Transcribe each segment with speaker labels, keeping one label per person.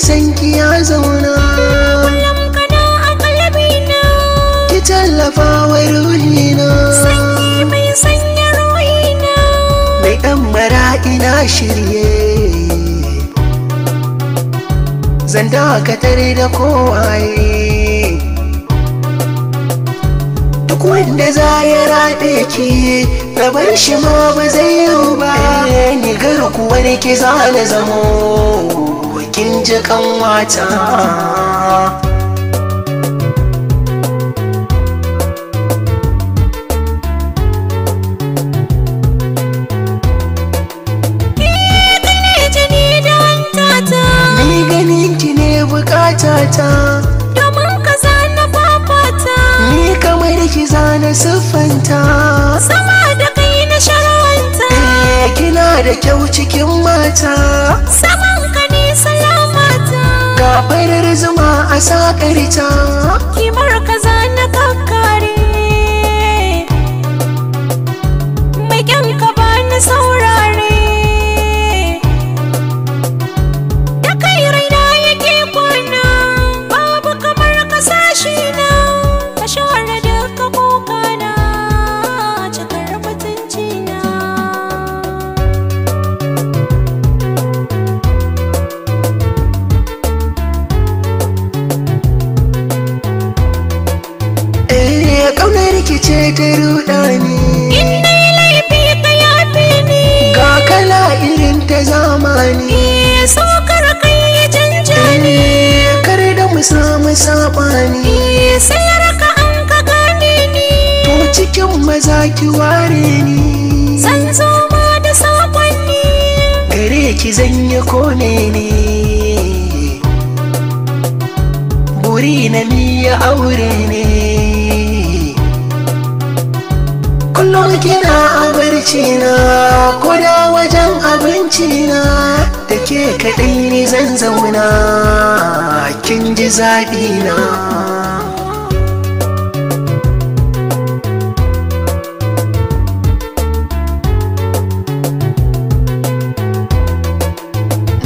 Speaker 1: sanki ya zauna kullum kana a na ki tallafa wa ruhina sanyi mai sanya ruhina mai dan ina shirye zan dakatar da kowaye duk wanda za ya raɗe ki gaban shi ma ba zai yi ba eh, ni wani ki za zamo kin ji kanwata ta domin ka zana fafata ni kamar ki zana siffanta sama da kai na sharawanta eh kina da kyau cikin mata sama farar zuma a sakar kimar kaza na kaka. ya kaunar ce ta ruɗa ni in dai laifi ka yafe ni ga kala irin ta zamani eh, so kar kai ya canja ni eh, kar da mu samu sabani eh, sai raka an ka gane ni to cikin maza ki ware ni san zo ma da sakonni Kare ki zanya kone ne buri na miya ya aure ne kullum kina a na ko wajen abinci na da ke kaɗai ne zan zauna kin ji zaɓi na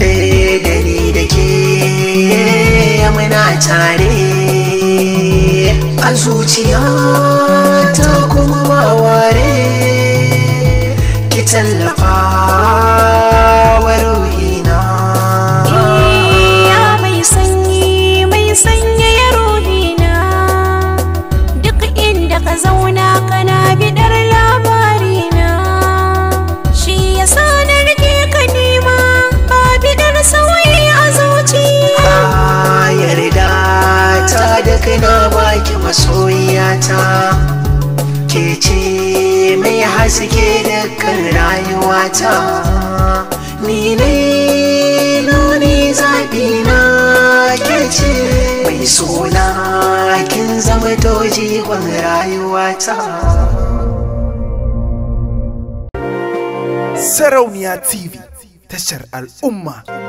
Speaker 1: eh, tare a zuciyata ware ki tallafa kan rayuwa rayuwata ni ne nuni zafi na ke ce mai suna kin zama doji rayuwata Sarauniya TV tashar al'umma